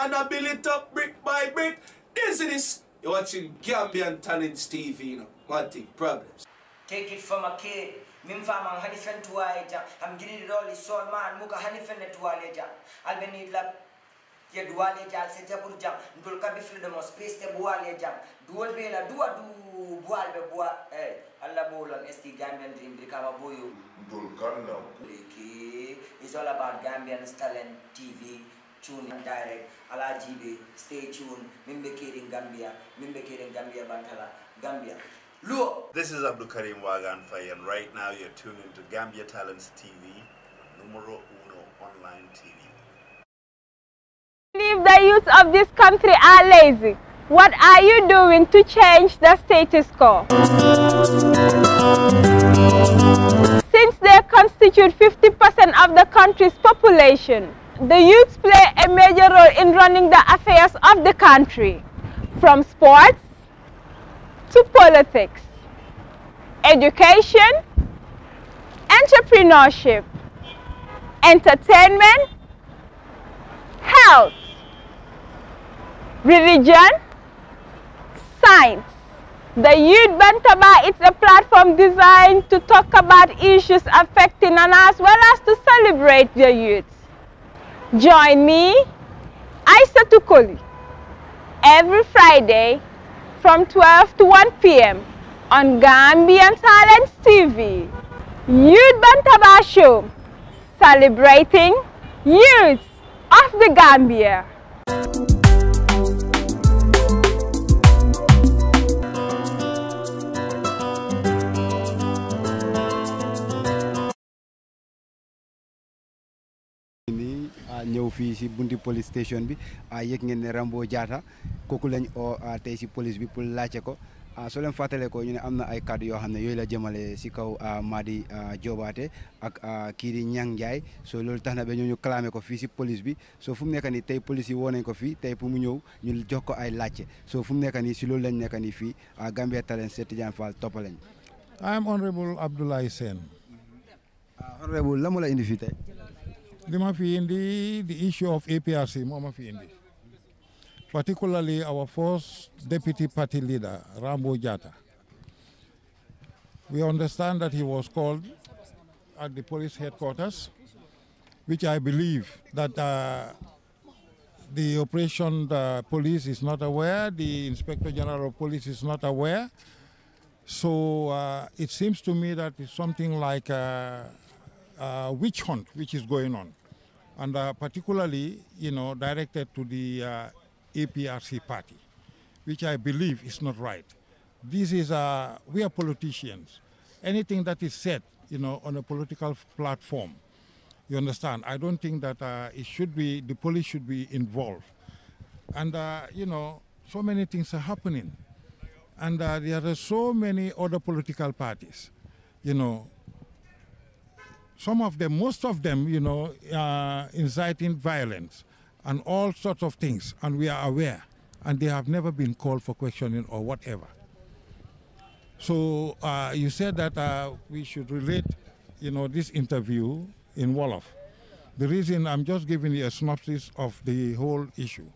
and I build it up brick by brick. This is You're watching Gambian Talents TV, you know. One thing, problems. Take it from a kid. honey faman hani aja. i am getting all roli sol man muka hani fen tuwaleja albeni la ye duwaleja al se jabur jam ndul ka bi freedom of space te buwaleja duwal be la duwa du buwal be buwa eh alla bolan esti gambian dream brikama boyo ndul kan na leki is all about gambian talent tv tune in direct ala jibe stay tuned mimbe kirin gambia mimbe kirin gambia bantala gambia luo this is abdul karim wagan and right now you're tuned into gambia talents tv numero uno online tv If the youth of this country are lazy what are you doing to change the status quo? Since they constitute 50% of the country's population, the youth play a major role in running the affairs of the country, from sports to politics, education, entrepreneurship, entertainment, health, religion, science. The Youth Bantaba is a platform designed to talk about issues affecting us as well as to celebrate the youth. Join me, Aisa Tukoli, every Friday from 12 to 1 p.m. on Gambian Talents TV. Youth Bantaba Show, celebrating youth of the Gambia. ñëw fii si bunti police station bi yëg ngeen ne Rambo Jatta kooku lañ oo tey si police bi pour laajte ko a leen fàttalee ko ñu ne am na ay kàddu yoo xam ne yooyu la jëmale si kaw Madi Jobaate ak kii di Ñang Njaay soo loolu tax na ba ñoo ñu clamé ko fii si police bi soo fu mu nekk nii tey police yi woo nañ ko fii tey pour mu ñëw ñu jox ko ay laajte soo fu mu nekk nii si loolu lañ nekk nii fii Gambia Talents Seet Tidiane Fall toppalañ I am Honorable Abdoulaye la mu la indi li ma the issue of APRC moo ma particularly our first deputy party leader Rambo Jatta we understand that he was called at the police headquarters which I believe that uh, the operation the uh, police is not aware the inspector general of police is not aware so uh, it seems to me that it's something like uh, uh, witch hunt which is going on, and uh, particularly, you know, directed to the uh, APRC party, which I believe is not right. This is, uh, we are politicians. Anything that is said, you know, on a political platform, you understand, I don't think that uh, it should be, the police should be involved. And, uh, you know, so many things are happening. And uh, there are so many other political parties, you know, some of them, most of them, you know, are uh, inciting violence and all sorts of things, and we are aware, and they have never been called for questioning or whatever. So uh, you said that uh, we should relate, you know, this interview in Wolof. The reason I'm just giving you a synopsis of the whole issue.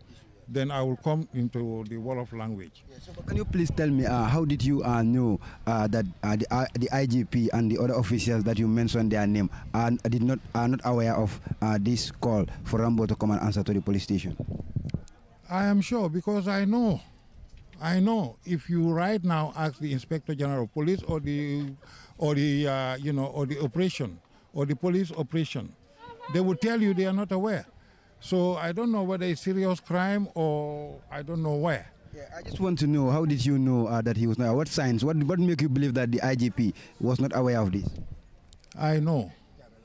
Then I will come into the world of language. Yeah, so can you please tell me uh, how did you uh, know uh, that uh, the, uh, the IGP and the other officials that you mentioned their name are, did not, are not aware of uh, this call for Rambo to come and answer to the police station? I am sure because I know. I know if you right now ask the Inspector General of Police or the or the uh, you know or the operation or the police operation, they will tell you they are not aware. So I don't know whether it's serious crime or I don't know where. Yeah, I just want to know how did you know uh, that he was not? Uh, what signs? What what make you believe that the IGP was not aware of this? I know,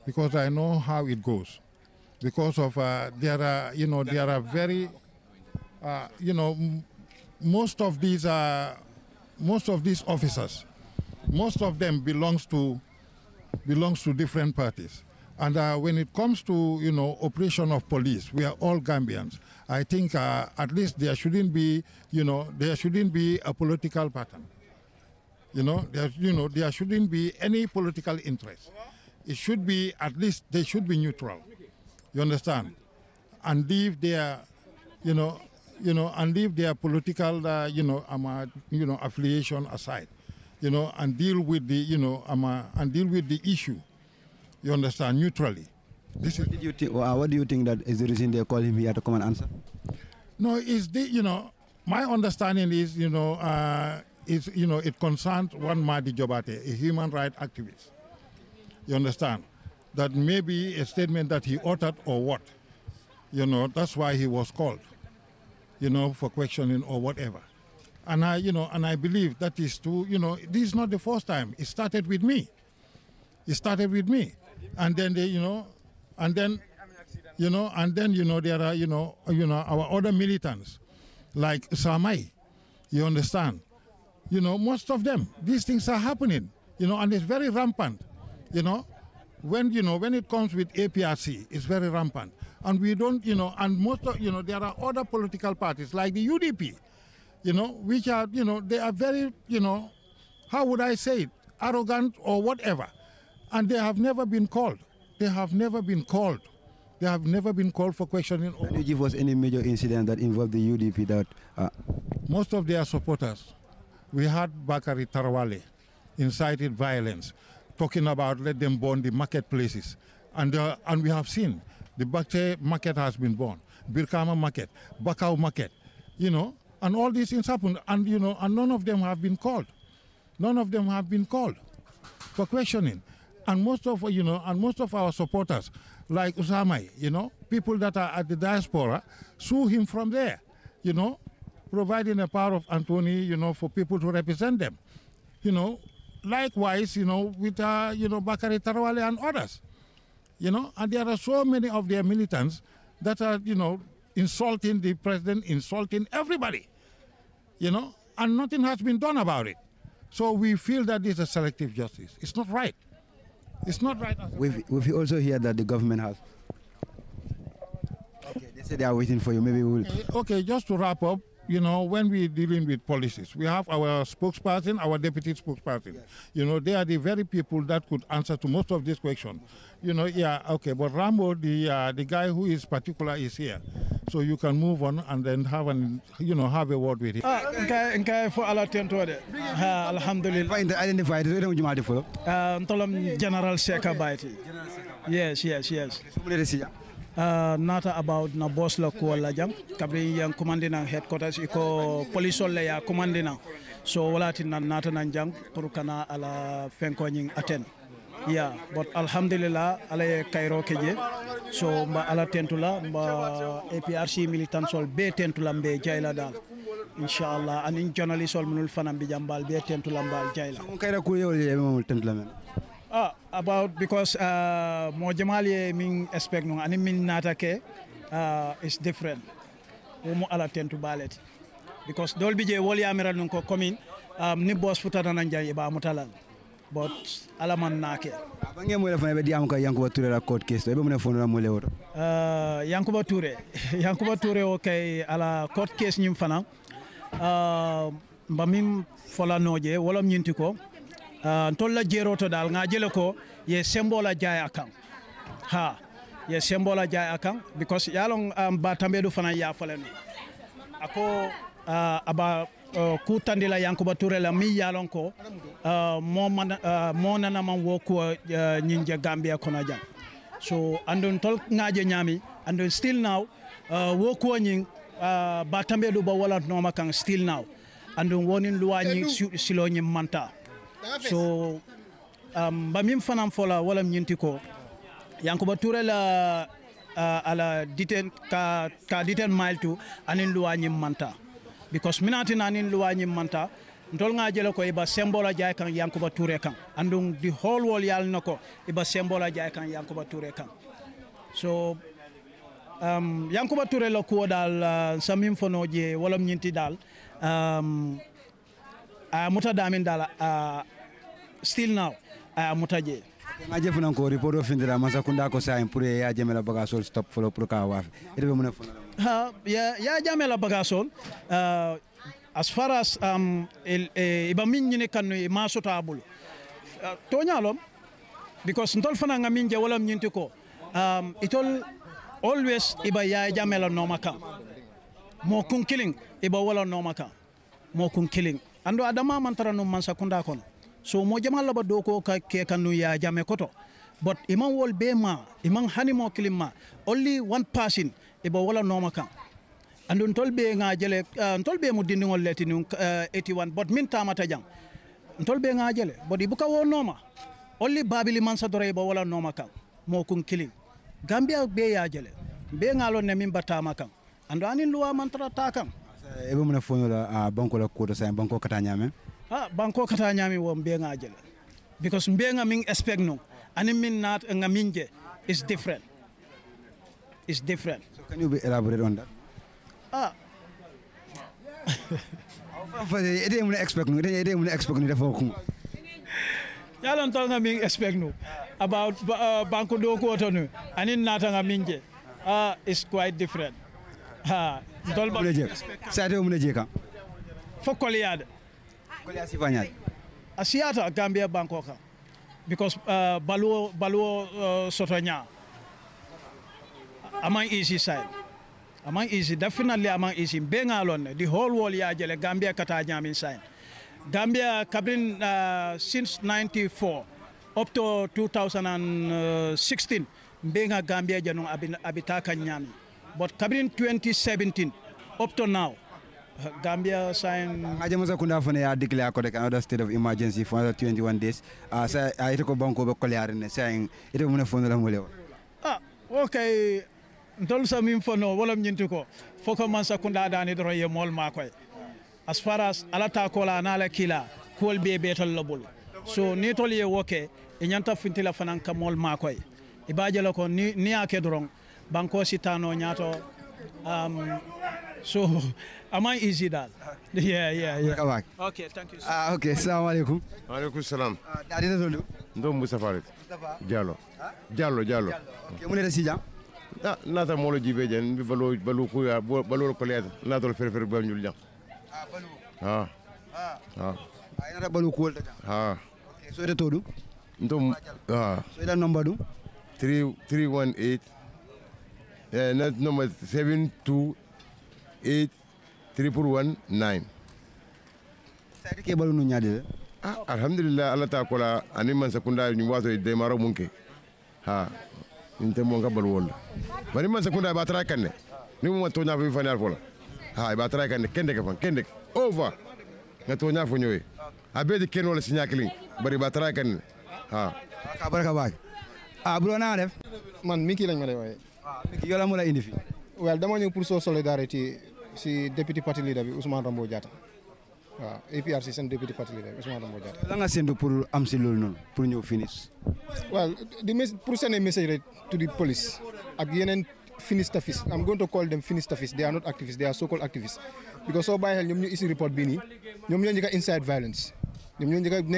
because I know how it goes. Because of uh, there are you know there are very uh, you know most of these are uh, most of these officers, most of them belongs to belongs to different parties. And uh, when it comes to you know operation of police, we are all Gambians. I think uh, at least there shouldn't be you know there shouldn't be a political pattern. You know there you know there shouldn't be any political interest. It should be at least they should be neutral. You understand, and leave their you know you know and leave their political uh, you know um, uh, you know affiliation aside. You know and deal with the you know um, uh, and deal with the issue you understand, neutrally. This what, is you uh, what do you think that is the reason they call him here to come and answer? No, is the, you know, my understanding is, you know, uh, is, you know, it concerns one Madi Jobate, a human rights activist. You understand? That maybe a statement that he uttered or what. You know, that's why he was called, you know, for questioning or whatever. And I, you know, and I believe that is to, you know, this is not the first time. It started with me. It started with me and then they, you know, and then, you know, and then, you know, there are, you know, you know, our other militants, like Samai, you understand? You know, most of them, these things are happening, you know, and it's very rampant, you know. When, you know, when it comes with APRC, it's very rampant. And we don't, you know, and most of, you know, there are other political parties like the UDP, you know, which are, you know, they are very, you know, how would I say it, arrogant or whatever and they have never been called. They have never been called. They have never been called for questioning. Did you give us any major incident that involved the UDP that... Uh... Most of their supporters. We had Bakari Tarawale incited violence, talking about let them burn the marketplaces. And, uh, and we have seen the Bakche market has been burned, Birkama market, Bakau market, you know, and all these things happened. And, you know, and none of them have been called. None of them have been called for questioning and most of you know and most of our supporters like Usamai, you know people that are at the diaspora sue him from there you know providing a power of Anthony you know for people to represent them you know likewise you know with uh, you know Bakari Tarawale and others you know and there are so many of their militants that are you know insulting the president insulting everybody you know and nothing has been done about it so we feel that this is a selective justice it's not right it's not right. We've, we've also heard that the government has. Okay, they said they are waiting for you. Maybe we'll. Okay, okay, just to wrap up, you know, when we're dealing with policies, we have our spokesperson, our deputy spokesperson. Yes. You know, they are the very people that could answer to most of these questions. You know, yeah, okay, but Rambo, the uh, the guy who is particular, is here, so you can move on and then have an, you know, have a word with him. Ah, Nkai for ah, Alhamdulillah. Identified. Identified. Um, General Sheka Baiti. Yes, yes, yes. Uh, nata about na boss la kuwala jang kabri yang kumandina headquarters iko police le ya kumandina so wala tin nan nata nan jang pour kana ala fenko nying aten yeah but alhamdulillah ala kairo keje so mba ala tentula mba APRC militant sol be tentula mbe jayla dal inshallah anin journalist sol munul fanam bi jambal be tentula mbal jayla kayra ku yewol yewol tentula men ah about because uh, mo jemali min expect no ani min nata ke uh, is different wo mo ala tentu balet because dol bije wol yamiral nun ko komin um, ni boss futata nan jay ba mutalal but ala man nake ah, bange mo lefa be diam ko yankuba touré la court case be mo ne fonu mo lewro euh yankuba touré yankuba touré o kay ala court case nyim fana euh mbamim fola noje wala nyinti ko ntolla jeroto dal nga jele ko ye sembola jaya kan ha ye sembola jaya kan because yalon um, ba tambe do fana ya falen ako uh, aba uh, kutandila yankuba ture la mi yalon ko uh, mo man uh, mo nana man wo ko uh, nyinje gambia kono jang so andon tol ngaje nyami andon still now uh, wo ko nyin uh, ba tambe do ba wala no makan still now andon wonin luwa nyi silo nyi manta so um, bamim fanam fola wala nyintiko yankuba ture la uh, ala detail ka ka detail mile to anin luwa nyim manta because minati nanin luwa nyim manta ntol nga jele ko iba sembola jay kan yankuba ture kan andung di whole world yal nako iba sembola jay kan yankuba ture kan so um, yankuba ture la ko dal uh, samim fono je wala nyinti dal um, a ah, muta damin dala uh, still now aya muta je nga je funan ko report o findira masa ko sa pour ya jamela bagasol stop follow pour ka wafi irbe muna funa ha ya ya jamela bagasol uh, ah, as far as um el, e, eh, iba min nyine kanu ma sota bulu uh, ah, to nyalom because ntol fana nga min je wala nyinti ko um itol always iba ya jamela no maka mo kun killing iba wala no maka ando adama mantara num man sakunda kon so mo jama laba do ko ka ke kanu ya jame koto but imam wol be ma iman hanimo kilimma only one person e bo wala noma kan andun be nga jele uh, be mu dindi ngol leti nu 81 eh, but min tamata jang be nga jele but ibuka wo noma only babili man sa sadore bo wala noma kan mo kun kilin gambia be ya jele be nga lo ne min batama kan ando anin luwa mantara ta kan ebe eh, muna la uh, ah, banko la kudo sa banko kata nyame ha banko kata nyame wo because mbenga ming expect no ani min nga minje is different is different so can you be elaborate on that ah ede muna expect no ede muna expect no defo ko yalon tol nga ming expect no about uh, banko do ko to no ani nata nga minje ah uh, is quite different ha uh, dolba mune jeka sate mune jeka fo gambia bankoka? because uh, baluo baluo baluwo aman easy side aman easy definitely aman easy be ngalon the whole world ya jele gambia kata ñamin side gambia kabrin uh, since 94 up to 2016 uh, benga gambia janong abita kan But coming in 2017, up to now, Gambia signed. Ngajamuza kunda fune ya declare kode another state of emergency for another 21 days. Uh, sa ah, ito ko banko ba kolyari ne saying ito muna fune la mulewa. Ah, okay. Ndol sa min fono walam nyintu ko. Foko mansa kunda dani dro ye mol makoy. As far as alata kola nala kila kol be betol lobul. So ni tol ye woke e nyanta funtila fanan ka mol makoy. Ibaje lako ni ni ake drong. banko sitano ñato um, so ama easy dal yeah yeah yeah okay thank you sir. ah okay assalamu alaikum wa alaikum salam ah, da dina dolu ndom mustafa rek diallo diallo diallo okay mu ne da si jam ah nata molo jibe jen bi balo balo ko ya balo ko leeta nata fer fer ba ñul jam ah balo ah ah ay nata balo ko wolta jam ah okay so da todu ndom ah so da number du 3 318 Uh, eh, not number seven two eight triple one nine. Sadi ke balu nunyadi. Ah, alhamdulillah Allah ta kola ani man sakunda ni wazo de maro munke. Ha. Inte mon ka balu wala. Bari man sakunda ba tra kanne. Ni mo to nya fi final fola. Ha ba tra kanne kende ka fan kende. Over. Nga to nya fo nyoy. Abedi ken wala sinya kling. Bari ba tra kanne. Ha. Ka baraka bay. Ah, bro na def. Man miki lañ ma lay waye. waaw ah, yow la mu la indi fii. waaw dama ñëw pour soo solidarité si député parti leader bi Ousmane Rambo Diatta waaw APRC seen député parti leader bi Ousmane Rambo Diatta. la nga séntu pour am si loolu noonu pour ñëw finish. waaw di pour to the police ak yeneen Finistafis I'm going to call them Finistafis they are not activists they are so called activists because soo bàyyi xel ñoom ñu isi report bii nii ñoom ñoo njëkk inside violence ñoom ñoo njëkk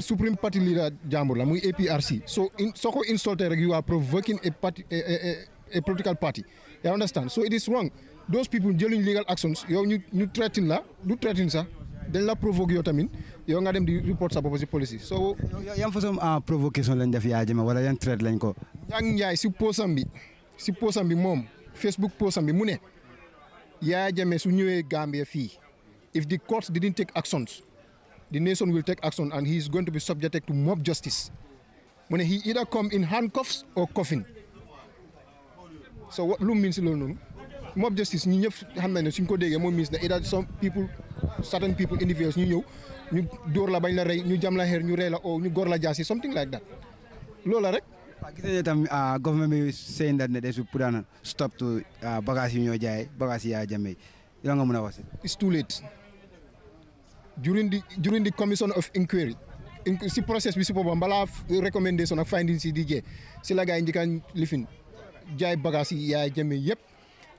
supreme party leader jàmbur la muy APRC so in soo ko insulté rek you are provoking a party a, a, a political party you understand so it is wrong those people jëluñ legal actions yow ñu ñu threaten la du threaten sax dañ la provoque yow tamit yow nga dem di report sa bopp si police soo yan façon en ah, provocation lañ def yaa jëme wala yan threat lañ ko. Yang Ndiaye si posam bi si posam bi moom Facebook posam bi mu ne Yaya Jammeh su ñëwee Gambia fii if the courts didn't take actions. the nation will take action and he is going to be subjected to mob justice. When he either come in handcuffs or coffin. So what Loom means alone, mob justice, you means that either some people, certain people, individuals, you know, door la bañ la rey ñu jam la xeer ñu rey la oo ñu gor la jasi, something like that loolu la rek gis tam ah, government bi saying that they should put a stop to ah, bagage yi ñoo jaay bagage yi yaa jame nga wax it's too late during di during the commission of inquiry si process bi si boppam balaa recommendation ak findings yi di jee si la gaa yi njëkkaan lifin jaay bagage yi yaay jëme yëpp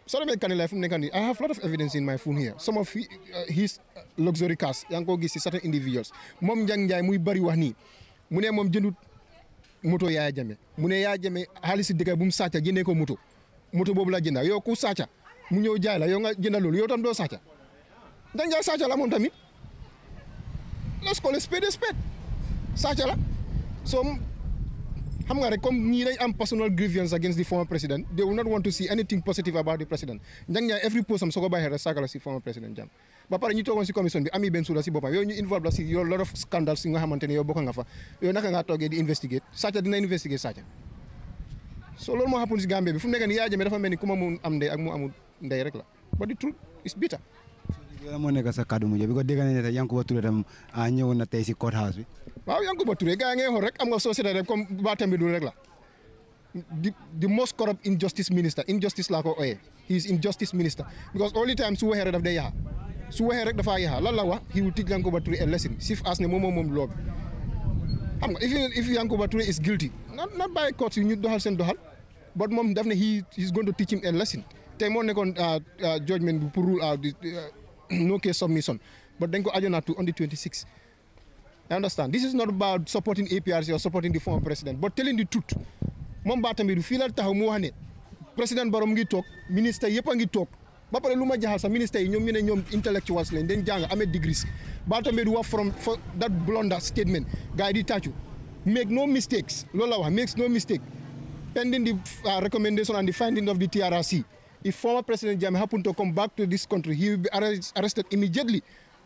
soo demee Kanilai fu mu nekk nii I have lot of evidence in my phone here some of uh, his uh, luxury cars yaa ngi koo gis si certain individuals moom Njang Njaay muy bari wax nii mu ne moom jëndut moto yaay jëme mu ne yaay jëme xaalis si dëkk bu mu sàcca jëndee ko moto moto boobu la jënda yow ku sàcca mu ñëw jaay la yow nga jënda loolu yow tam doo sàcca Njang Njaay tamit let's call a spade a sa sàcc la so xam nga rek comme ni lay am personal grievance against the former president they will not want to see anything positive about the president njang ñaay every post am soo ko bàyyee rek ka la si former president jam ba pare ñu togon ci commission bi ami benn suula si bopam yo ñu involve la si yo lot of scandals si nga xamante yo yow bokk nga fa yo naka nga toogee di investigate sàcc dina investigate sàcc so lool mo xappun ci Gambie bi fu mu nekk nii yaa jëmee dafa melni kuma mu am ndey ak mu amul ndey rek la but the truth is bitter yooyu moo nekk sa kàddu mujj bi ko dégg nañu ne Yankuba Touré tam ah, na tey si court house bi. waaw Yankuba Touré gars yi ngay xool rek am nga soo seetlee rek comme baatam bi rek la di most corrupt injustice minister injustice laa ko ooyee he is injustice minister because all the time su waxee rek dafaa yaxa lan la he will teach Yankuba Touré a lesson sif as is guilty na na court yi ñu doxal seen doxal but moom daf ne he is going to teach him a lesson tey moo nekkoon ah, ah, judgment bi pour rule no case submission. But then go Ajana to only 26. I understand. This is not about supporting APRC or supporting the former president, but telling the truth. moom baatam bi du fii la taxaw mu wax ne président ngi toog ministre yëpp ngi toog ba pare lu ma jaxal sax ministre yi ñoom ñu intellectuals lañ dañ jàng amee degrees baatam bi du wax from that blunder statement gars yi di tàccu make no mistakes loolu la wax makes no mistake pending the uh, recommendation and the finding If former President Jammeh happened to come back to this country, he will be arrested immediately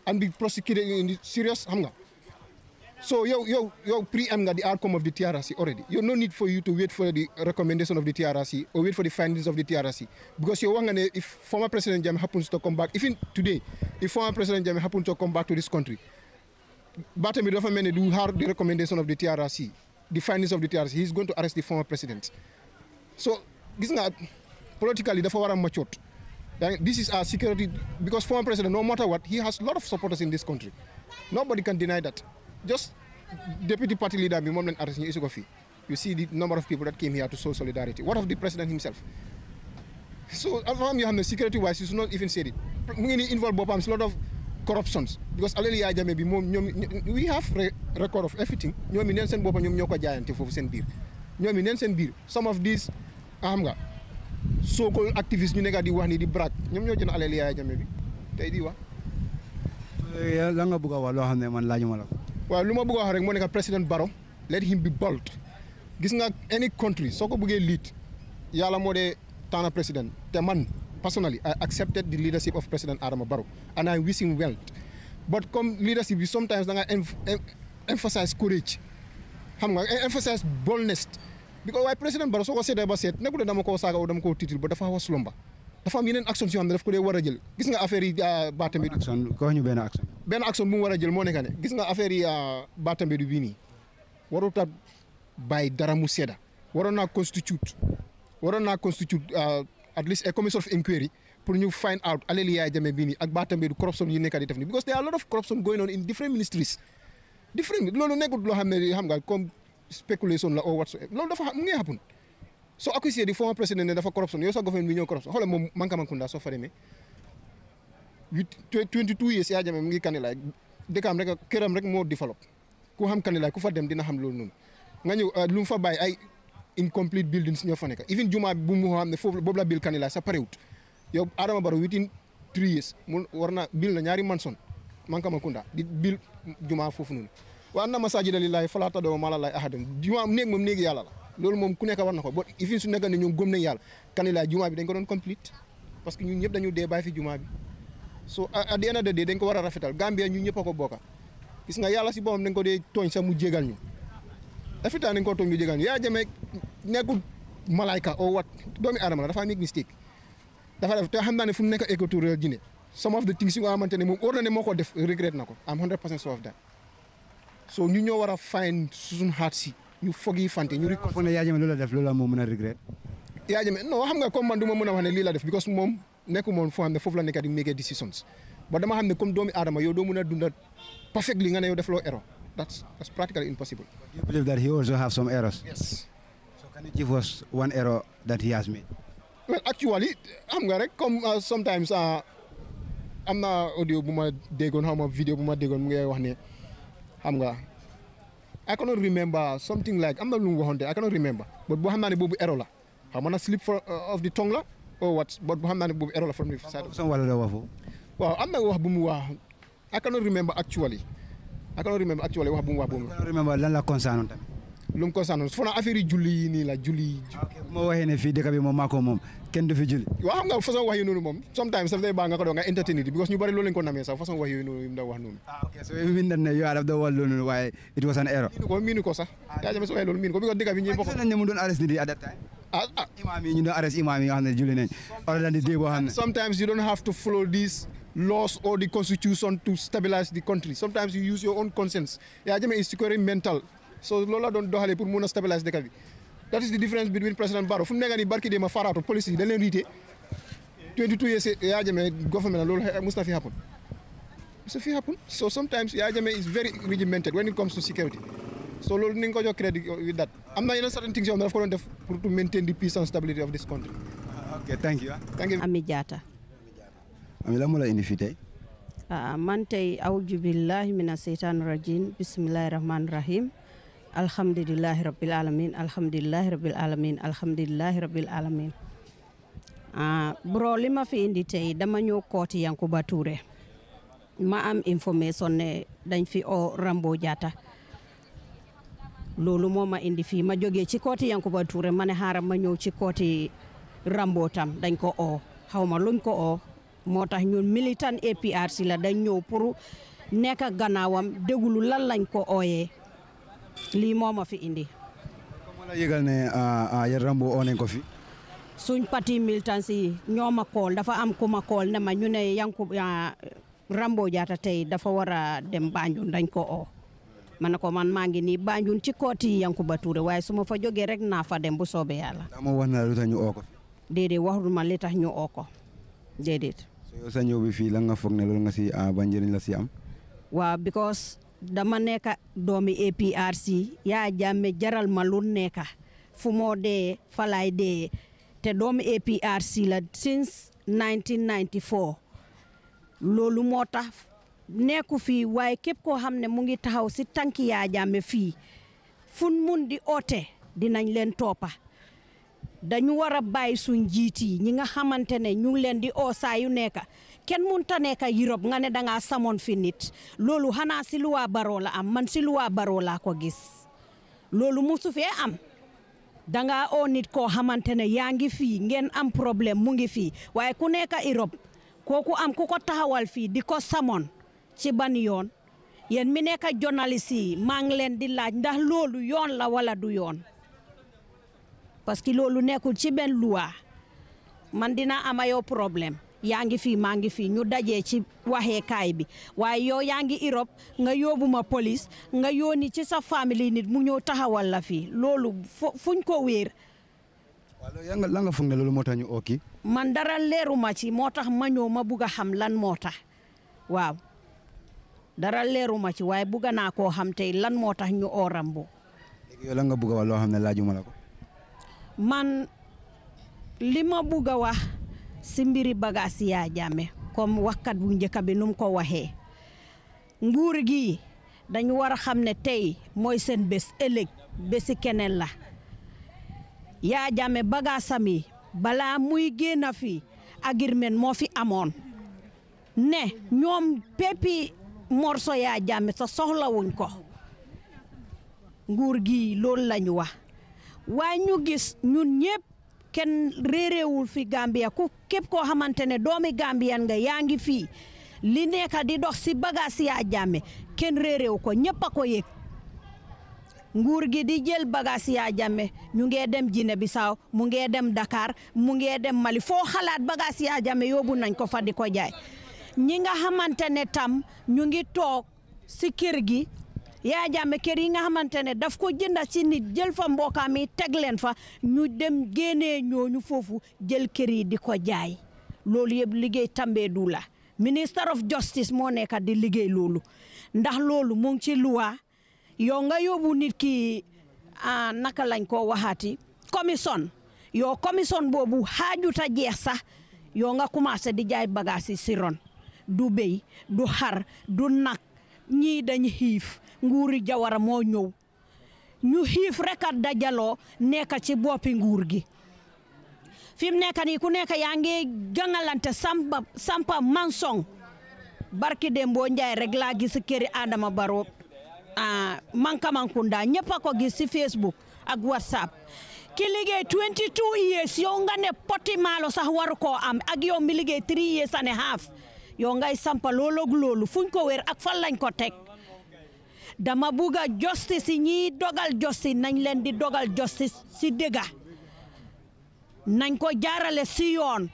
and be prosecuted in serious hunger. So you you you pre-empt the outcome of the TRC already. You no need for you to wait for the recommendation of the TRC or wait for the findings of the TRC because you want if former President Jammeh happens to come back, even today, if former President Jammeh happens to come back to this country, but the government do have the recommendation of the TRC, the findings of the TRC. He's going to arrest the former president. So this is not politically dafa I am matured this is our security because former president no matter what he has a lot of supporters in this country nobody can deny that just deputy party leader bi moom ñu you see the number of people that came here to show solidarity what of the president himself so dafa am have the security wise you should not even say it mu ngi involve boppam a lot of corruptions because alali ya jame bi moom ñoom we have record of everything ñoom i sen seen boppa ñoom ñoo ko jaayante foofu sen biir some of these ah, xam nga soko aktivis ñu nekk di wax ni di brak ñom ñoo jëna alal yaay jame bi tay di wax eh, la nga bëgg wax lo xam man laajuma la wa luma bëgg wax rek mo nekk president baro let him be bold gis nga any country soko ko lead yalla moo dee tànn président te man personally I accepted the leadership of President Adama baro and I wish him well but comme leadership sometimes da nga emphasize courage xam nga emphasize boldness because why President Barroso ko said ba said, nekkul ne ko saga o dama ko tiitil ba dafa xaw lomba. sulomba dafa am yenen action si yoo xam daf ko dee wara a jël gis nga affaire yi uh, Batambedu ko ñu ben action Ben action mu wara jël mo nekk gis nga affaire yi uh, Batambedu du bini. warut ta bay dara mu sedda waroon na constitute waroon na constitute uh, at least a commission of inquiry pour ñu find out aleli yaay jame bii nii ak du corruption yi nekkati def ni. because there are a lot of corruption going on in different ministries different lolu nekkul lo xam xam nga comme speculation la or whatsoever loolu dafa mu ngi happen so accusé di former president ne dafa corruption yow sa government bi ñëw corruption xoolal moom Manka Mankunda soo fa demee huit twenty two years yaa jame rek këram rek moo develop ku xam ku fa dem dina xam loolu noonu nga ñëw euh, lu mu fa bàyyi ay incomplete buildings ñoo fa nekk even juma bu mu xam ne foofu la bill Kanilai sa parewut yow Adama Barrow within three years mu war na bill na ñaari manson Manka Mankunda di bill juma foofu noonu wa anna masajida lillahi fala tad'u ma'a llahi ahadan jumaa néeg moom néegi yàlla loolu moom ku nekk war na ko ba ifin su nekk ne ñoom gëm nañ yàlla kan laa jumaa bi dañ ko doon complete parce que ñun dee ko war a rafetal Gambia ñëpp ko bokka gis nga yàlla si boppam dañ ko dee tooñ sax mu jégal ñu afita dañ ko tooñ mu jégal ñu yaa jamee nekkul malayka oo wat doomu aadama la dafa make mistake dafa def te xam naa ne fu mu nekk écotour jine some of the things yi nga xamante moom óor na ne moo ko def regret na ko am 100 percent sure so ñu ñoo war a find suñu xaat si ñu fogi fante ñu rek fone Yaya Jammeh loola def loola moo mën a regret Yaya Jammeh xam nga comme man du ma mën a wax ne lii la def because moom nekku moom foo xam ne foofu la nekk di make a dunda perfect li nga ne def loo error that's that's practically impossible you believe that he also have nga rek comme uh, sometimes uh, am na audio bu ma déggoon xaw ma vidéo bu ma déggoon mu ngi wax ne xam nga I cannot remember something like am na lu mu waxoon I cannot remember but naa ne boobu error la xam nga na slip uh, of the tongue la or what but boo xam naa ne boobu error la from the side waaw am na wax bu mu wax I cannot remember actually I cannot wax bu mu wax boobu. lan la concerne lu mu ko sànnoon su fanaan affaire yi la julli yi. Ah, bu ma ne fii dëkk bi moom maa ko kenn du fi julli. waaw xam nga wax yi noonu moom sometimes daf lay baax nga ko doon entertain it because ñu bari loolu lañ noonu yi mu doon wax noonu. ah ok so miin nañ wax loolu noonu ko miinu ko sax. Ah, yaa jame si ko bi ko bi ñuy ah, sometimes you don't have to follow these laws or the constitution to stabilize the country sometimes you use your own conscience so loolu la doon doxale pour mun a stabiliser dëkk bi that is the difference between président Barrow fu mu nekk nii barki dee ma police yi dañ leen riite 22 years loolu mos happen mos happen so sometimes Yahya Jammeh is very regimented when it comes to security so loolu ni ko jox crédit with that am na yeneen certain things yoo xam ne ko doon def pour to maintain the peace and stability of this country. Ah, ah. Ami Jaata. Ami lan la indi fii tey. Ah, man tey awju billahi mina seytaani rajim bismillahi alhamdulilahi rabil alamin alhamdulilahi rabil alamin alhamdulilahi rabil ah, li ma fi indi tey dama ñëw kooti Yankuba Touré ma am information ne dañ fi o Rambo Jatta loolu moo ma indi fii ma jógee ci kooti Yankuba Touré ma ne xaaral ma ñëw ci kooti Rambo dañ ko o xaw ma luñ ko o moo tax ñun militant APRC la dañ ñëw pour nekk gannaawam déglu lan lañ ko ooyee lii moo ma fi indi. comme ah, ah, ko fi. suñ parti militants yi ñoo ma kool dafa am ku ma kool ne ma ñu ne Yanku ah, Rambo Jatta tey dafa war a dem Banjul dañ ko oo ma ne ko man maa ngi nii Banjul ci kooti Yankuba Touré waaye su ma fa jógee rek naa fa dem bu soobee yàlla. amoo wax na lu tax ñu oo ko fi. déedéet li tax ñu oo ko déedéet. sa ñëw bi fii la nga foog ne loolu nga si a njëriñ la si am. waaw because dama nekk doomi APRC yaa jàmme jaral ma lu nekk fu moo dee falaay dee te doomi APRC la since 1994 loolu moo tax nekku fii waaye képp koo xam ne mu ngi taxaw si tànki yaa jàmme fii fun mun di oote dinañ leen toppa dañu wara a bàyyi suñ jiit yi ñi nga xamante ne ñu leen di oo saa yu nekk kenn munta nekk Europe nga ne danga samoon fi nit loolu xanaa si luwaa baroo la am man si luwaa baroo laa ko gis loolu musu fee am dangaa oo nit koo xamante ne yaa ngi fii ngeen am problème mu ngi fii waaye ku nekk Europe kooku am ku ko taxawal fii di ko samoon ci ban yoon yéen mi nekk jonali si maa ngi leen di laaj ndax loolu yoon la wala du yoon parce que loolu nekkul ci benn loi man dina ama yow problème yaa ngi fi maa ngi fii ñu dajee ci waxeekaay bi waaye yow yaa ngi Europe nga yóbbu ma police nga yónni ci sa famille nit mu ñëw taxawal la fi loolu fuñ ko wéer. lan nga foog ne loolu moo tax ñu ooki man dara leeru ma ci moo tax ma ñëw ma bugg a xam lan moo tax waaw dara leeru ma ci waaye bugg naa koo xam tey lan moo tax ñu oo Rambo. léegi yow lan nga bugg a wax loo xam ne laajuma la ko. man li ma bugg wax. si mbiri bagaas yaa jàmme comme waxkat bu njëkk bi num ko waxee nguur gi dañu war a xam ne tey mooy seen bés ëllëg keneen la yaa jàmme bagaasam bala muy génn fi agirmen moo fi amoon ne ñoom peppi morso yaa jàmme sa soxlawuñ ko nguur gi loolu lañu wax waaye ñu gis ñun ñëpp kenn réeréewul fi Gambia ku képp koo xamante ne doomi Gambian nga yaa ngi fii li nekk di dox si bagage yaa jàmme kenn réeréew ko ñëpp a ko yëg nguur gi di jël bagage yaa jàmme ñu ngee dem Jine Bisaaw mu ngee dem Dakar mu ngee dem Mali foo xalaat bagage yaa jàmme yóbbu nañ ko fa di ko jaay ñi nga xamante ne tam ñu ngi toog si kër gi yaa jàmme kër yi nga xamante ne daf ko jënda ci nit jël fa mbokkaam yi teg leen fa ñu dem génnee ñooñu foofu jël kër yi di ko jaay loolu yëpp liggéey tambee du la minister of justice moo nekk di liggéey loolu ndax loolu mu ci luwa yow nga yóbbu nit ki ah, naka lañ ko waxaati commission yow commission boobu xaajuta jeex sax yow nga commencé di jaay bagage yi si du béy du xar du nag ñii dañ xiif nguuri jawara moo ñëw ñu xiif rek a dajaloo nekk ci boppi nguur gi fi mu nekk ku nekk yaa ngi jàngalante sampa sampa mansong barki dem boo njaay rek laa gis këri Adama Barrow ah Mankamankounda ñëpp ko gis si Facebook ak WhatsApp ki liggéey 22 yow nga ne poti maalo sax waru am ak yow mi liggéey 3 years and a yow ngay sampa looloog loolu fuñ ko wér ak fan lañ ko teg dama bugg a justice si ñiy dogal justice nañ leen di dogal justice si dëgga nañ ko jaarale si yoon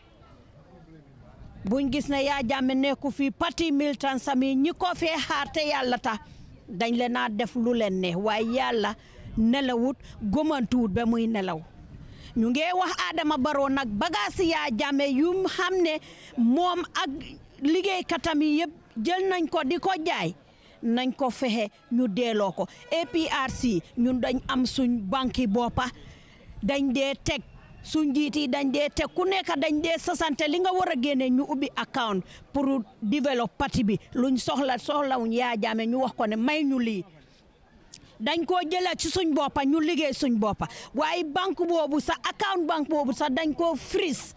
buñ gis ne yaa jàmme nekku fii parti militant sami ñi ko fee xaar te yàlla tax dañ le a def lu leen ne waaye yàlla nelawut gomantuwut ba muy nelaw ñu ngi wax Adama Barrow nag bagaasi yaa jàmme yu xam ne moom ak liggéey katam yi yëpp jël nañ ko di ko jaay nañ ko fexe ñu deloo ko APRC ñun dañ am suñ banque boppa dañ dee teg suñ njiit yi dañ dee teg ku nekk dañ dee sasante li nga war a génne ñu ubbi account pour développer parti bi luñ soxla soxlawuñ yaa jaame ñu wax ko ne may ñu lii dañ koo jëlee ci suñ boppa ñu liggéey suñ boppa waaye banque boobu sa account banque boobu sa dañ koo frise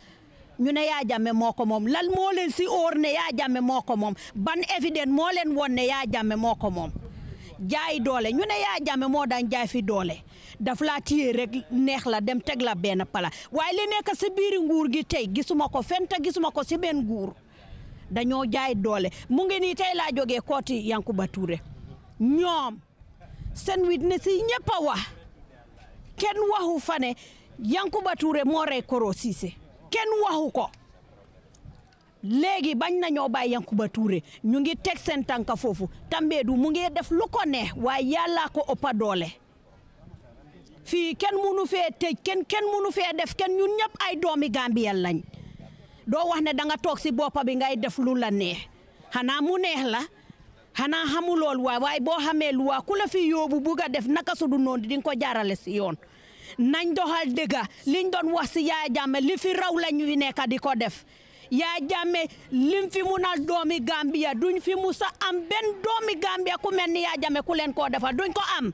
ñu ne yaa jàmme moo ko moom lan moo leen si óor ne yaa jàmme moo ko moom ban évident moo leen won ne yaa jàmme moo ko moom jaay doole ñu ne yaa jàmme moo daan jaay fi doole daf laa tiyee rek neex la dem teg la benn pala waaye li nekk si biiri nguur gi tey gisuma ko fenta gisuma ko si benn nguur dañoo jaay doole mu ngi nii tey laa jógee kooti yankuba touré ñoom seen witness yi ñëpp a wax kenn waxu fa ne yankuba touré moo rey koroo siisee kenn waxu ko léegi bañ nañoo bàyyi Yankuba Touré ñu ngi teg seen tànka foofu Tambédou mu ngi def lu ko ne waaye yàllaa ko ëppa fii kenn munu fee tëj kenn kenn munu fee def kenn ñun ñëpp ay doomi Gambien lañ doo wax ne danga toog si boppa bi ngay def lu la neex xanaa mu neex la xanaa xamulool waay waaye boo xamee lu waa ku la fi yóbbu bugg a def naka sudu noonu di ko jaarale si yoon nañ doxal dëgga liñ doon wax si Yaya Jammeh li fi raw la ñuy nekk di ko def Yaya Jammeh lim fi munal doomi Gambia duñ fi musa am benn doomi Gambia ku mel ni Yaya Jammeh ku leen koo defal duñ ko am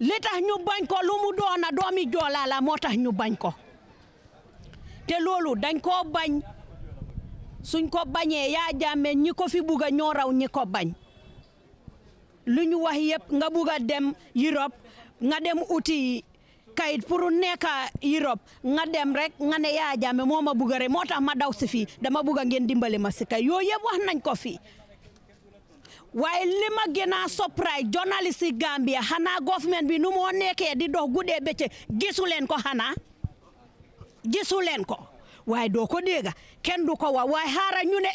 li tax ñu bañ ko lu mu doona doomi joolaa moo tax ñu bañ ko te loolu dañ koo bañ suñ ko bañee Yaya Jammeh ñi ko fi bugga ñoo raw ñi ko bañ lu ñu wax yépp nga bugg a dem Europe nga dem uti kayit pour nekk Europe nga dem rek nga ne Yaya Jammeh moo ma bugg rek moo tax ma daw si fii dama bugg a ngeen dimbale ma si kay yooyu yëpp wax nañ ko fi waaye li ma gën a surprise journaliste yi xanaa government bi nu moo nekkee di dox guddee bëccëg gisu leen ko xanaa gisu ko waaye doo ko dégg kenn du ko wax waaye xaaral ñu ne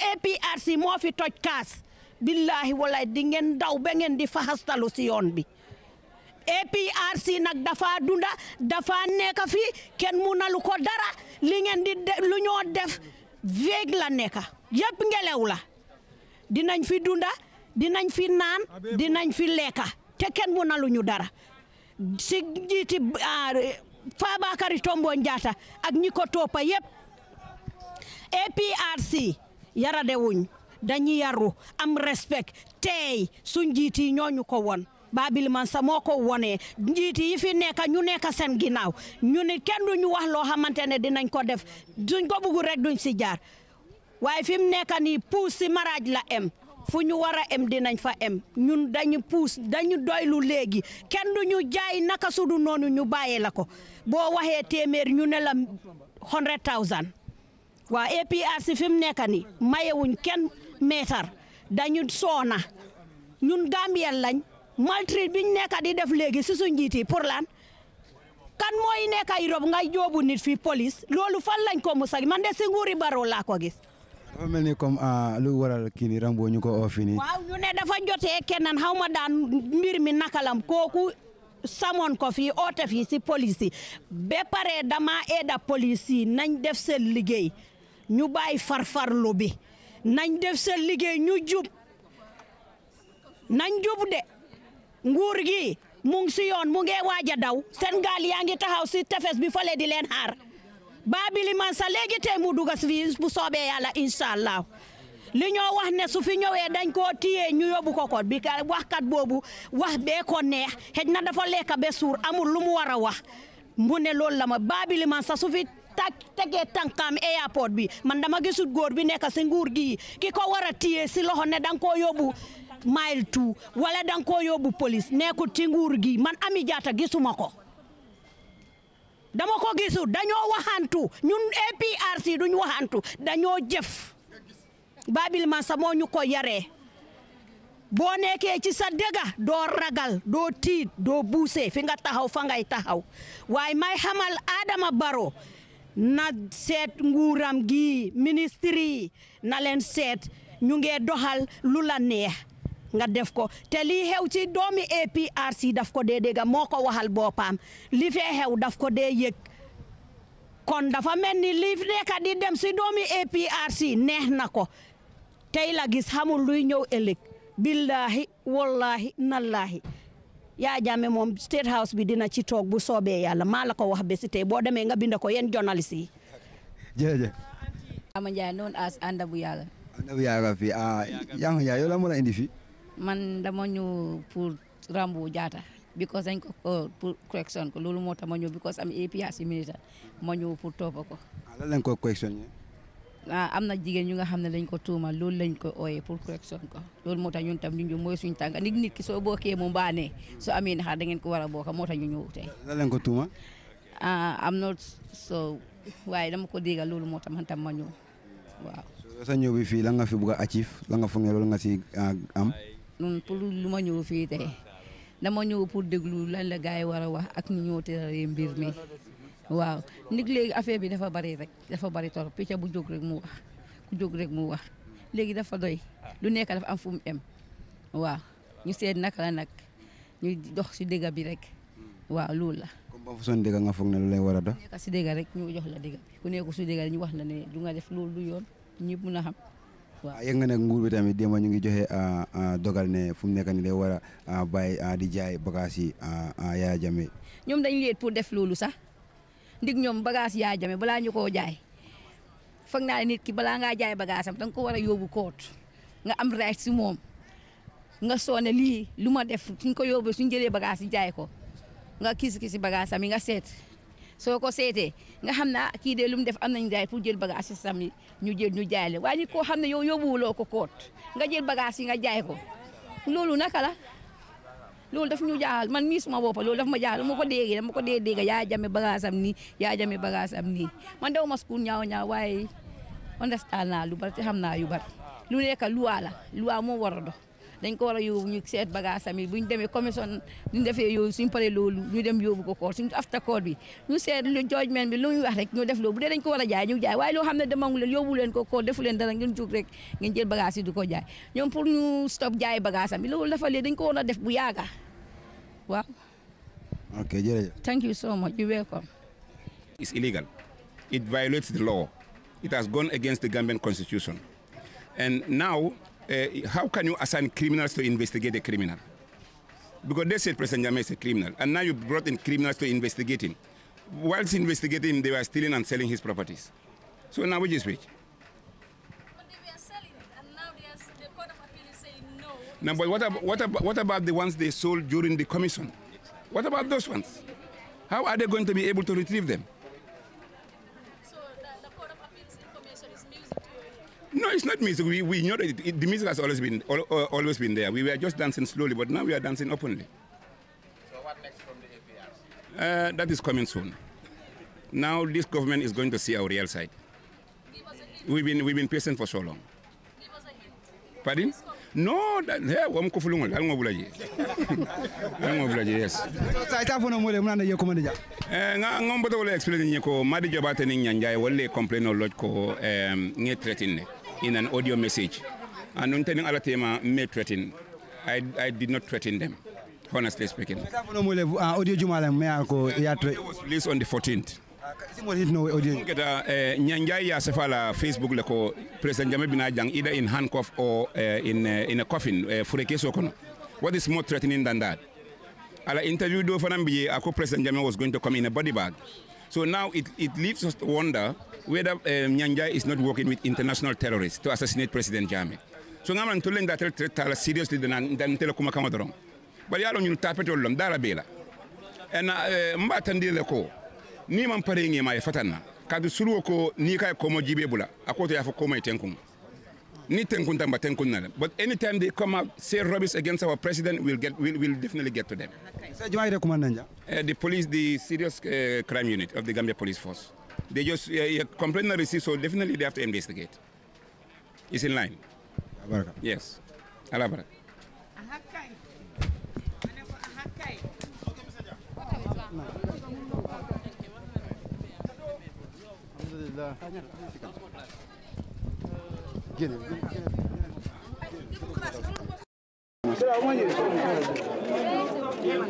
si moo fi toj kaas billaahi walaay di ngeen daw ba ngeen di faxastalu si yoon bi si nag dafa dunda dafa nekk fi kenn munalu ko dara li ngeen di lu ñoo def véeg la nekk yëpp ngelew la dinañ fi dunda dinañ fi naan dinañ fi lekka te kenn munalu ñu dara si njiiti ah, Fabakary Tombong Jatta ak ñi ko toppa yëpp APRC yaradewuñ dañu yaru am respect tey su njiit yi ñooñu ko won Babili Mansa moo ko wonee njiit yi fi nekk ñu nekk seen ginnaaw ñu ne kenn du ñu wax loo xamante ne dinañ ko def duñ ko rek duñ si jaar waaye fi mu nekk ni puus si maraaj la em fu ñu war a em dinañ fa em ñun dañu puus dañu doylu léegi kenn du ñu jaay naka sudu noonu ñu bàyyee la ko boo waxee téeméer ñu ne la hundred thousand waa APRC mu nekk nii mayewuñ kenn. meetar dañu soona ñun Gambien lañ maltraite biñ nekk di def léegi si suñ njiit pour lan kan mooy nekk ay rob ngay joobu nit fi police loolu fan lañ ko mu musa man de si nguuri laa ko gis. dafa mel ni comme ah, lu waral kii nii Rambo ñu ko oofi nii. waaw ñu ne dafa jotee kennan xaw ma daan mbir mi nakalam kooku samoon ko fii oote fii si police yi ba pare dama aida police yi nañ def seen liggéey ñu bàyyi farfarlu bi. nañ def seen liggéey ñu jub nañ jub de nguur gi mu ngi si yoon mu ngi waaj daw seen yaa ngi taxaw si tefes bi fale di leen xaar baabili man sa tey mu dugg si fii bu soobee yàlla incha allah li ñoo wax ne su fi ñëwee dañ ko téye ñu yóbbu ko kon bi ka waxkat boobu wax bee ko neex xëj na dafa lekk ba suur amul lu mu war a wax mu loolu la ma baabili man sa tegee tànkaam airport bi man dama gisut góor bi nekk si nguur gi ki ko war a téye si loxo ne danga koo yóbbu mile two wala danga koo yóbbu police nekkut ci nguur gi man Ami Jaata gisuma ko dama ko gisul dañoo waxantu ñun APRC duñ waxantu dañoo jëf babil man sa ñu ko yaree boo nekkee ci sa dëgga doo ragal doo tiit doo buuse fi nga taxaw fa ngay taxaw waaye may xamal Adama Barrow na seet nguuram gi ministre yi na leen seet ñu ngee doxal lu la neex nga def ko te lii xew ci doomi si daf ko dee dégga moo ko waxal boppam li fee xew daf ko dee yëg kon dafa mel ni li nekk di dem si doomi APRC neex na ko tey la gis xamul luy ñëw ëllëg billahi wallahi nallahi yaa Jammeh moom State House bi dina ci toog bu soobee yàlla maa la ko wax ba si boo demee nga bind ko yéen journaliste yi. jërëjëf. Ama Ndiaye noonu as ànd bu yàlla. ànd bu yàlla fii ah Yankha la mën a indi fii. man dama ñëw pour Rambo Jatta because dañ ko pour correction ko loolu moo tax ma ñëw because am APRC minister ma ñëw pour topp ko. Ah, lan ko Ah, am na jigéen ñu nga xam ne dañ ko tuuma loolu lañ ko ooyee pour correction ko loolu moo tax ñun tam ñu mooy suñu tànk nit nit ki soo bokkee mu baanee su amee naxaar da ngeen ko war a bokk moo tax ñu ñëw tey. lan lañ ko tuuma. am ah, na soo waaye dama ko déggal loolu moo tax man tam ma ñëw waaw. sa ñëw fii la nga fi bëgg a actif la nga foog ne loolu nga si ah, am. noonu pour lu ma ñëw fii tey dama ñëw pour déglu lan la gars yi war a wax ak ñu ñëw tëralee mbir mi. waaw nit léegi affaire bi dafa bari rek dafa bari torop picc bu jóg rek mu wax ku jóg rek mu wax léegi dafa doy lu nekk dafa am fu mu em waaw ñu seet naka la nag ñu dox si dégg bi rek waaw loolu la. comme ba façon dégg nga foog na lu lay war a dox. nekk si dégg rek ñu jox la dégg ku nekk su dégg ñu wax la ne du def loolu du yoon ñëpp mun a xam. waaw yëg nga nag nguur bi tamit démb ñu ngi joxe ah, ah, dogal ne fu mu nekk nii day war a ah, bàyyi di jaay bagages yi Yaya Jammeh. ñoom dañ leet pour def loolu sax. ndig ñoom bagaas yaa jame balaa ñu koo jaay foog naa nit ki balaa ngaa jaay bagaasam am da nga ko war a yóbbu koot nga am raaj si moom nga soone lii lu ma def suñ ko yóbbu suñ jëlee bagage yi jaay ko nga kisi kisi bagage am yi nga seet soo ko seetee nga xam na kii dee lu mu def am nañ njaay pour jël bagage sam yi ñu jël ñu jaay la waaye nit koo xam ne yow yóbbuwuloo ko koot nga jël bagaas yi nga jaay ko loolu naka la loolu daf ñu jaaxal man mii suma boppa loolu daf ma jaaxal ma ko déggee dama ko dee dégg yaa jame bagage am nii yaa jame bagage am nii man dew ma school ñaaw ñaaw waaye understand naa lu bari te xam naa yu bari lu nekk luwaa la luwaa moo war a dox dañ ko war a yóbbu ñu seet bagage am yi bu ñu demee commission defee yooyu suñ paree loolu ñu dem yóbbu ko koor suñ koor bi ñu seet lu bi lu ñu wax rek ñu def loolu bu dee dañ ko war a jaay ñu jaay waaye loo xam ne leen yóbbu leen ko koor leen dara ngeen rek ngeen jël bagage yi ko jaay ñoom pour ñu stop jaay bagage am bi loolu dafa lee dañ ko war a def bu yaaga waaw ok jërëjëf thank you so much you're welcome it's illegal it violates the law it has gone against the Gambian constitution and now uh, how can you assign criminals to investigate a criminal? Because they said President Jammeh is a criminal, and now you brought in criminals to investigate him. Whilst investigating him, they were stealing and selling his properties. So now which is which? But they were selling it, and now the Court of Appeal is saying no. Now, but what what, about, what about the ones they sold during the commission? What about those ones? How are they going to be able to retrieve them? No, it's not music. We, we know that it, it, the music has always been uh, always been there. We were just dancing slowly, but now we are dancing openly. So what next from the APRC? Uh, that is coming soon. now this government is going to see our real side. We've been we've been patient for so long. Pardon? No, that yeah, wam to in an audio message. And on telling Alatema uh, may threaten, I, I did not threaten them, honestly speaking. Uh, uh, audio was released on the 14th. keta ñanjay ya sefala facebook leko president jame binajang either in handcuff or uh, in uh, in a coffin for the case kono what is more threatening than that ala interview do fanan president jame was going to come in a body bag So now it, it leaves us to wonder whether um, Nyanja is not working with international terrorists to assassinate President Jammeh. So ngaman tulen da tel tala seriously dan dan tele kuma kama dorong. Bali yalo nyul tapete olum dara bela. Ena uh, mba tandile ko ni man pare ngi mai fatana. Kadu suru ko ni kai komo jibe bula akoto ya fo komo itenkungu. But anytime they come out, say rubbish against our president, we'll, get, we'll, we'll definitely get to them. Okay. So, uh, The police, the serious uh, crime unit of the Gambia Police Force. They just, uh, complaint not received, so definitely they have to investigate. It's in line. Yes. Alabara. Alhamdulillah. Gelin. g e l a m ü n a l e y k ü m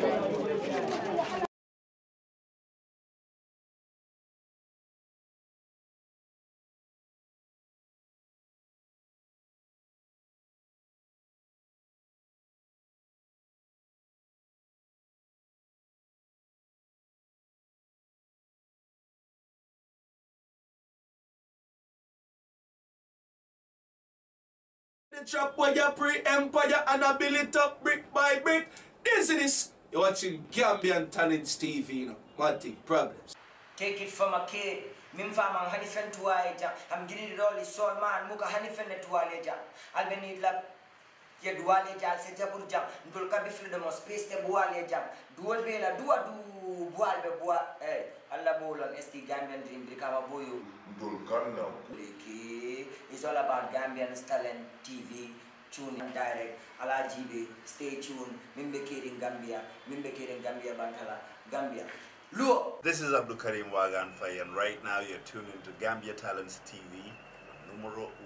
The trap where you pre empire and I build it up brick by brick. This is this. You're watching Gambian Talents TV, you know. Multi problems. Take it from a kid. Mimfama hanifen tuwaeja. I'm getting it all his soul man. Muka hanifen tuwaleja. I'll be need lap. Ye duwaleja. I'll say jabur jam. Ndulka be the of space te buwaleja. Duwal bela dua duwa kubalɓe eh, allah leki is all about gambian talent tv tune in direct ala stay tuned min gambia min gambia bantala gambia luo this is abdoukarim wagan fay and right now you're tuned into gambia talents tv numero